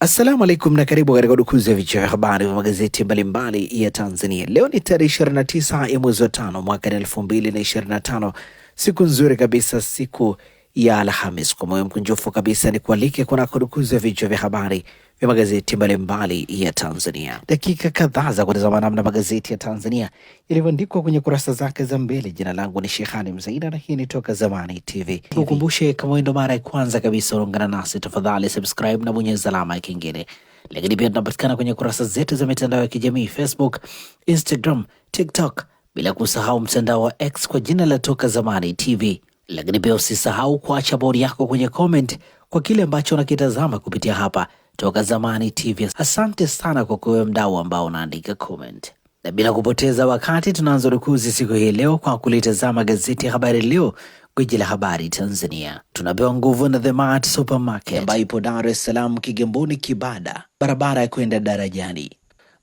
Assalamu alaikum na karibu katika udukuzi ya vichwa vya habari vya magazeti mbalimbali ya Tanzania. Leo ni tarehe 29 ya mwezi wa tano mwaka 2025, siku nzuri kabisa, siku ya Alhamis. Kwa moyo mkunjufu kabisa ni kualike kuna dukuzi vichwa vya habari vya magazeti mbalimbali ya Tanzania, dakika kadhaa za kutazama namna magazeti ya Tanzania yalivyoandikwa kwenye kurasa zake za mbele. Jina langu ni Shehani Mzaida na hii ni Toka Zamani TV. Ukumbushe kama ndo mara ya kwanza kabisa unaungana nasi, tafadhali subscribe na bonyeza alama ya kengele. Lakini pia tunapatikana kwenye kurasa zetu za mitandao ya kijamii Facebook, Instagram, TikTok, bila kusahau mtandao wa X kwa jina la Toka Zamani TV. Lakini pia usisahau kuacha bodi yako kwenye comment kwa kile ambacho unakitazama kupitia hapa Toka Zamani TV. Asante sana kwa kuwe mdau ambao unaandika comment, na bila kupoteza wakati tunaanza rukuzi siku hii leo kwa kulitazama gazeti ya Habari Leo, gwiji la habari Tanzania. Tunapewa nguvu na The Mart Supermarket ambayo ipo Dar es Salaam, Kigamboni, Kibada, barabara ya kwenda darajani.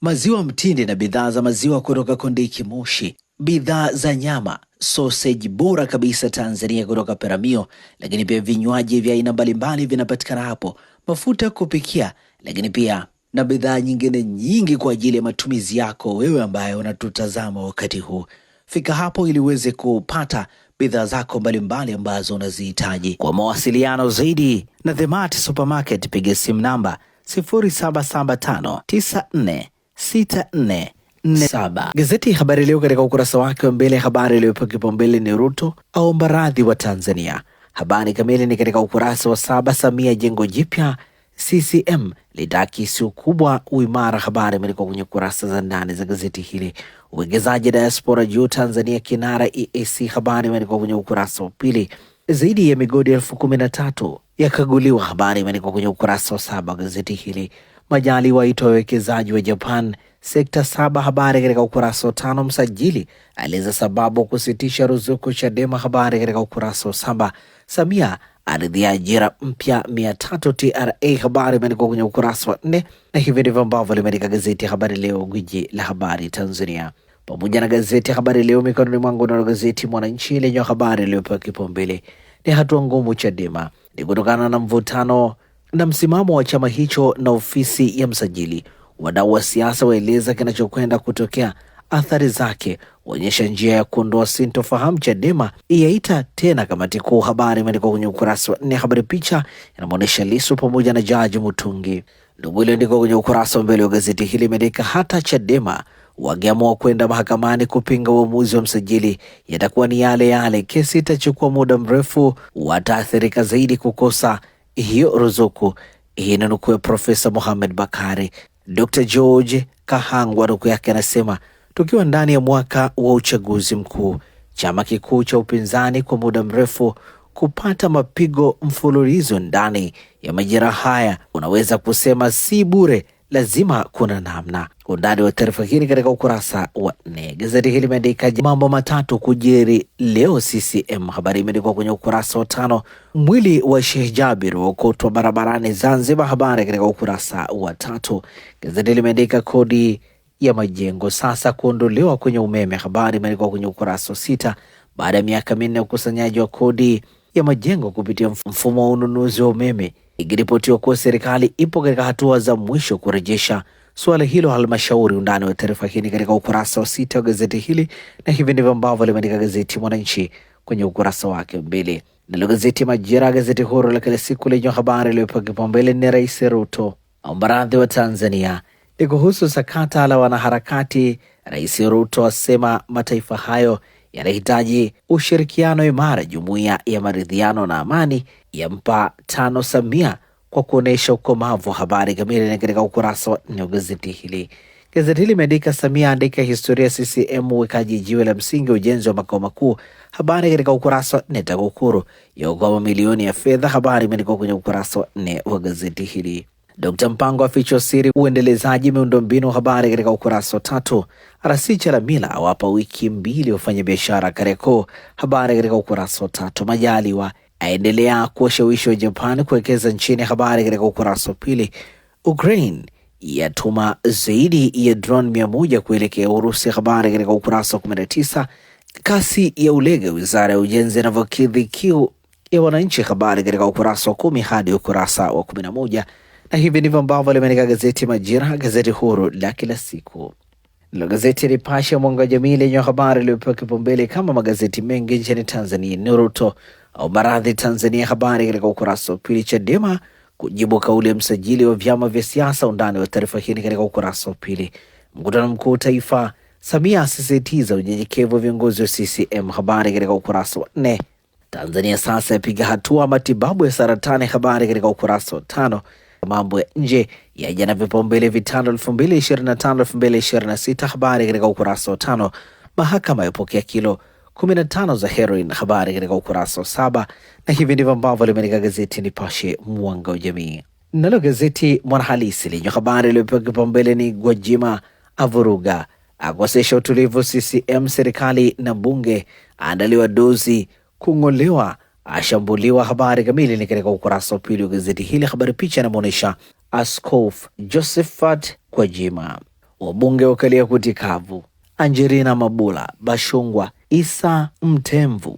Maziwa mtindi na bidhaa za maziwa kutoka Kondiki Moshi, bidhaa za nyama sausage bora kabisa Tanzania kutoka Peramio, lakini pia vinywaji vya aina mbalimbali vinapatikana hapo, mafuta kupikia, lakini pia na bidhaa nyingine nyingi kwa ajili ya matumizi yako wewe ambaye unatutazama wakati huu. Fika hapo ili uweze kupata bidhaa zako mbalimbali ambazo unazihitaji. Kwa mawasiliano zaidi na The Mart Supermarket, piga simu namba 07759464 47. Gazeti ya Habari Leo katika ukurasa wake wa mbele, habari iliyopewa kipaumbele ni Ruto aomba radhi wa Tanzania. Habari kamili ni katika ukurasa wa saba. Samia jengo jipya CCM litakisi ukubwa uimara. Habari imeandikwa kwenye kurasa za ndani za gazeti hili. Uwekezaji diaspora juu Tanzania kinara EAC. Habari imeandikwa kwenye ukurasa wa pili. Zaidi ya migodi elfu kumi na tatu yakaguliwa. Habari imeandikwa kwenye ukurasa wa saba wa gazeti hili. Majali waitwa wawekezaji wa Japan sekta saba. Habari katika ukurasa wa tano. Msajili aeleza sababu kusitisha ruzuku Chadema. Habari katika ukurasa wa saba. Samia aridhia ajira mpya mia tatu TRA. Habari imeandikwa kwenye ukurasa wa nne, na hivi ndivyo ambavyo limeandika gazeti ya Habari Leo, gwiji la habari Tanzania, pamoja na gazeti ya Habari Leo mikononi mwangu. Nalo gazeti Mwananchi lenye habari iliyopewa kipaumbele ni hatua ngumu Chadema ni kutokana na mvutano na msimamo wa chama hicho na ofisi ya msajili. Wadau wa siasa waeleza kinachokwenda kutokea, athari zake, waonyesha njia ya kuondoa sintofahamu. Chadema iyaita tena kamati kuu, habari imeandikwa kwenye ukurasa wa nne. Habari picha inamwonyesha Lisu pamoja na Jaji Mutungi. Ndugu, iliyoandikwa kwenye ukurasa wa mbele wa gazeti hili imeandika hata Chadema wangeamua kwenda mahakamani kupinga uamuzi wa msajili, yatakuwa ni yale yale, kesi itachukua muda mrefu, wataathirika zaidi kukosa hiyo ruzuku. Hii inanukuu ya Profesa Mohamed Bakari. Dr. George Kahangwa Ruku yake anasema tukiwa ndani ya mwaka wa uchaguzi mkuu, chama kikuu cha upinzani kwa muda mrefu kupata mapigo mfululizo ndani ya majira haya, unaweza kusema si bure lazima kuna namna. Undani wa taarifa hii katika ukurasa wa nne. Gazeti hili limeandika mambo matatu kujiri leo CCM. Habari imeandikwa kwenye ukurasa wa tano. Mwili wa Sheikh Jabir waokotwa barabarani Zanzibar, habari katika ukurasa wa tatu. Gazeti limeandika kodi ya majengo sasa kuondolewa kwenye umeme, habari imeandikwa kwenye ukurasa wa sita. Baada ya miaka minne ya ukusanyaji wa kodi ya majengo kupitia mfumo wa ununuzi wa umeme, ikiripotiwa kuwa serikali ipo katika hatua za mwisho kurejesha suala hilo halmashauri. Undani wa taarifa hii ni katika ukurasa wa sita wa gazeti hili, na hivi ndivyo ambavyo limeandika gazeti Mwananchi kwenye ukurasa wake mbili. Nalo gazeti Majira, gazeti huru la kila siku lenye habari iliyopewa kipaumbele ni Rais Ruto aomba radhi wa Tanzania ni kuhusu sakata la wanaharakati. Rais Ruto asema mataifa hayo yanahitaji ushirikiano imara. Jumuiya ya Maridhiano na Amani yampa tano Samia kwa kuonyesha ukomavu wa habari kamili, na katika ukurasa wa nne wa gazeti hili gazeti hili imeandika Samia andika historia CCM uwekaji jiwe la msingi ujenzi wa makao makuu. Habari katika ukurasa wa nne. TAKUKURU yaogoa mamilioni ya fedha. Habari imeandikwa kwenye ukurasa wa nne wa gazeti hili. Dkt Mpango afichwa siri uendelezaji miundombinu wa habari katika ukurasa wa tatu. RC Chalamila awapa wiki mbili wafanyabiashara Kariakoo, habari katika ukurasa wa tatu. Majaliwa aendelea kuwashawishi wa Japan kuwekeza nchini, habari katika ukurasa wa pili. Ukraine yatuma zaidi ya drone mia moja kuelekea Urusi, habari katika ukurasa wa kumi na tisa. Kasi ya Ulega, wizara ya ujenzi inavyokidhi kiu ya wananchi, habari katika ukurasa wa kumi hadi ukurasa wa kumi na moja. Na hivi ndivyo ambavyo limeandika gazeti Majira, gazeti huru la kila siku. Nalo gazeti Nipashe Mwanga wa Jamii lenye habari iliyopewa kipaumbele kama magazeti mengi nchini Tanzania ni Ruto au maradhi Tanzania. Habari katika ukurasa wa pili. Chadema kujibu kauli ya msajili wa vyama vya siasa. Undani wa taarifa hii katika ukurasa wa pili. Mkutano mkuu wa taifa, Samia asisitiza unyenyekevu wa viongozi wa CCM. Habari katika ukurasa wa nne. Tanzania sasa yapiga hatua matibabu ya saratani. Habari katika ukurasa wa tano mambo ya nje ya jana, vipaumbele vitano 2025 2026. Habari katika ukurasa wa tano. Mahakama yapokea kilo 15 za heroin, habari katika ukurasa wa saba. Na hivi ndivyo ambavyo limeandika gazeti Nipashe mwanga wa jamii. Nalo gazeti Mwanahalisi lenye habari iliyopewa kipaumbele ni Gwajima avuruga akosesha utulivu CCM, serikali na bunge, aandaliwa dozi kung'olewa ashambuliwa. Habari kamili ni katika ukurasa wa pili wa gazeti hili. Habari picha inamwonyesha Askofu Josephat Kwajima, wabunge wa kutikavu kavu Angelina Mabula, Bashungwa, Isa Mtemvu,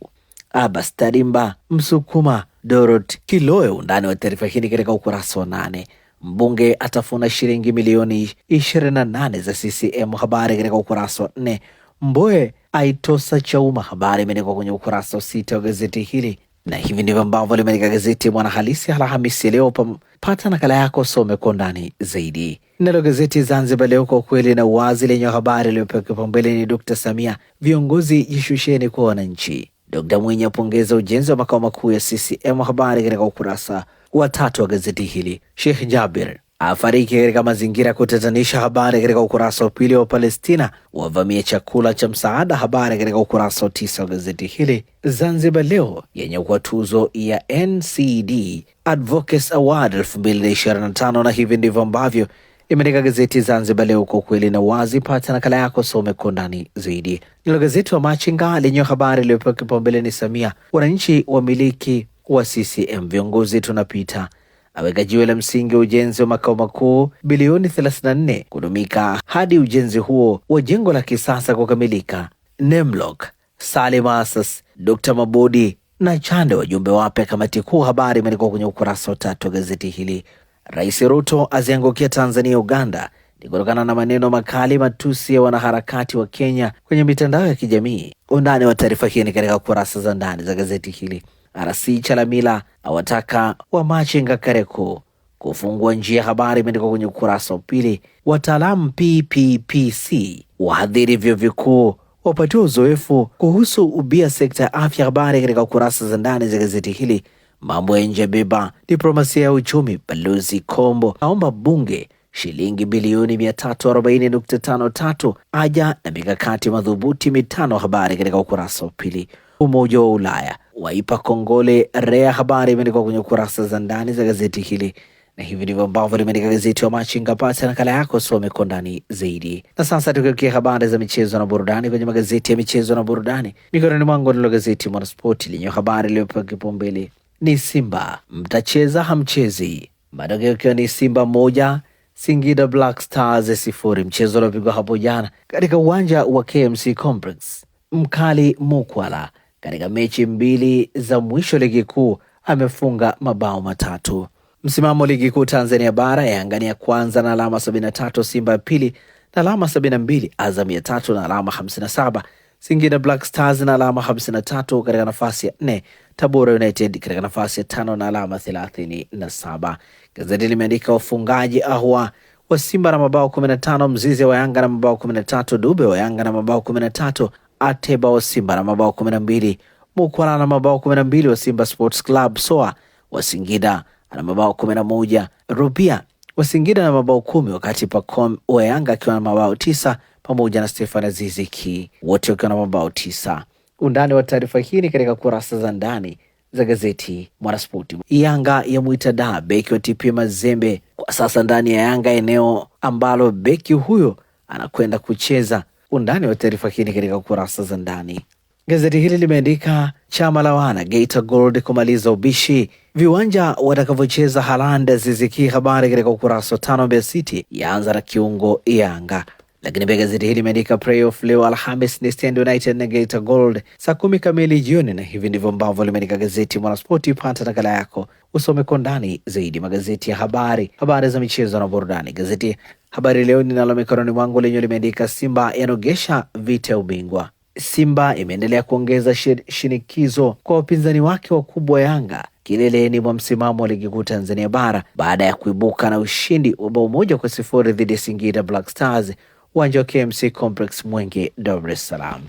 Abbas Tarimba, Msukuma, Dorot Kiloe. Undani wa taarifa hii katika ukurasa wa nane. Mbunge atafuna shilingi milioni 28 za CCM. Habari katika ukurasa wa nne. Mboe aitosa Chauma. Habari imeandikwa kwenye ukurasa wa sita wa gazeti hili na hivi ndivyo ambavyo limeandika gazeti ya Mwanahalisi Alhamisi leo. Pata nakala yako, some kwa undani zaidi. Nalo gazeti Zanzibar Leo, kwa ukweli na uwazi, lenye habari iliyopewa kipaumbele ni Dkt Samia, viongozi jishusheni kwa wananchi. Dkt Mwinyi apongeza ujenzi wa makao makuu ya CCM, habari katika ukurasa wa tatu wa gazeti hili. Sheikh Jabir afariki katika mazingira ya kutatanisha. Habari katika ukurasa wa pili wa Palestina wavamia chakula cha msaada, habari katika ukurasa wa tisa wa gazeti hili. Zanzibar Leo yenye kwa tuzo ya NCD Advocates Award 2025 na hivi ndivyo ambavyo imeandika gazeti Zanzibar Leo kwa ukweli na wazi. Pata nakala yako, some kwa undani zaidi. Nilo gazeti wa Machinga lenye habari iliyopewa kipaumbele ni Samia, wananchi wamiliki wa CCM, viongozi tunapita aweka jiwe la msingi wa ujenzi wa makao makuu bilioni 34 kutumika hadi ujenzi huo wa jengo la kisasa kukamilika. Nemlock, Salim Asas, Dr. Mabudi na Chande wajumbe wapya kamati kuu. Habari imeandikwa kwenye ukurasa wa tatu wa gazeti hili. Rais Ruto aziangukia Tanzania Uganda ni kutokana na maneno makali matusi ya wanaharakati wa Kenya kwenye mitandao ya kijamii. Undani wa taarifa hii ni katika kurasa za ndani za gazeti hili. RC Chalamila awataka wa machinga Kareko kufungua njia. Habari imeandikwa kwenye ukurasa wa pili. Wataalamu PPPC wahadhiri vyuo vikuu wapatiwa uzoefu kuhusu ubia sekta ya afya. Habari katika kurasa za ndani za gazeti hili. Mambo ya nje yabeba diplomasia ya uchumi. Balozi Kombo aomba bunge shilingi bilioni 340.53 aja na mikakati madhubuti mitano. Habari katika ukurasa wa pili. Umoja wa Ulaya waipa kongole REA. Habari imeandikwa kwenye kurasa za ndani za gazeti hili, na hivi ndivyo ambavyo limeandika gazeti wa Machinga Pasi, nakala yako some kwa ndani zaidi. Na sasa tukiokia habari za michezo na burudani kwenye magazeti ya michezo na burudani, mikononi mwangu ndilo gazeti Mwanaspoti lenye habari iliyopewa kipaumbele ni Simba mtacheza hamchezi, matokeo ikiwa ni Simba moja Singida Black Stars sifuri, mchezo uliopigwa hapo jana katika uwanja wa KMC Complex. Mkali Mukwala katika mechi mbili za mwisho ligi kuu amefunga mabao matatu. Msimamo ligi kuu Tanzania bara, Yanga ni ya kwanza na alama 73, Simba ya pili na alama 72, Azam ya tatu na alama 57, Singida Black Stars na alama 53 katika nafasi ya 4, Tabora United katika nafasi ya tano na alama 37. Gazeti limeandika wafungaji ahwa wa Simba na mabao 15, Mzize wa Yanga na mabao 13, Dube wa Yanga na mabao 13 Ateba wa Simba na mabao kumi na mbili. Mukwana na mabao kumi na mbili wa Simba Sports Club. Soa wa Singida ana mabao kumi na moja. Rupia wa Singida na mabao kumi, wakati Pacom wa Yanga akiwa na mabao tisa pamoja na Stefan Aziziki wote wakiwa na mabao tisa. Undani wa taarifa hii ni katika kurasa za ndani za gazeti Mwanaspoti. Yanga ya mwita da beki wa TP Mazembe kwa sasa ndani ya Yanga, eneo ambalo beki huyo anakwenda kucheza Undani wa taarifa hii katika kurasa za ndani. Gazeti hili limeandika chama la wana Geita Gold kumaliza ubishi, viwanja watakavyocheza Haaland, ziziki. Habari katika ukurasa wa tano. Mbeya City yaanza na kiungo Yanga. Lakini pia gazeti hili limeandika playoff leo Alhamis ni Stand United na Geita Gold saa kumi kamili jioni, na hivi ndivyo ambavyo limeandika gazeti Mwanaspoti. Pata nakala yako usome kwa ndani zaidi magazeti ya habari, habari za michezo na burudani. Gazeti Habari Leo ninalo mikononi mwangu lenyewe limeandika Simba yanogesha vita ya ubingwa. Simba imeendelea kuongeza shinikizo kwa wapinzani wake wakubwa Yanga kileleni mwa msimamo wa ligi kuu Tanzania bara baada ya kuibuka na ushindi wa bao moja kwa sifuri dhidi ya Singida Black Stars uwanja wa KMC Complex Mwenge, Dar es Salaam.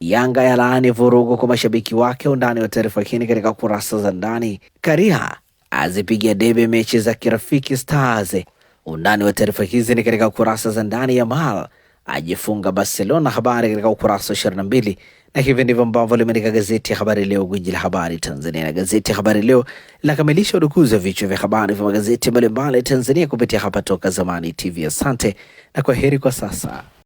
Yanga yalaani vurugu kwa mashabiki wake. Undani wa taarifa hii katika kurasa za ndani. Karia azipigia debe mechi za kirafiki Stars Undani wa taarifa hizi ni katika kurasa za ndani. Yamal ajifunga Barcelona, habari katika ukurasa wa 22. na mbili na hivi ndivyo ambavyo limeandika gazeti ya Habari Leo, gwiji la habari Tanzania. Na gazeti ya Habari Leo linakamilisha udukuzi wa vichwa vya habari vya magazeti mbalimbali Tanzania kupitia hapa Toka Zamani TV. Asante na kwa heri kwa sasa.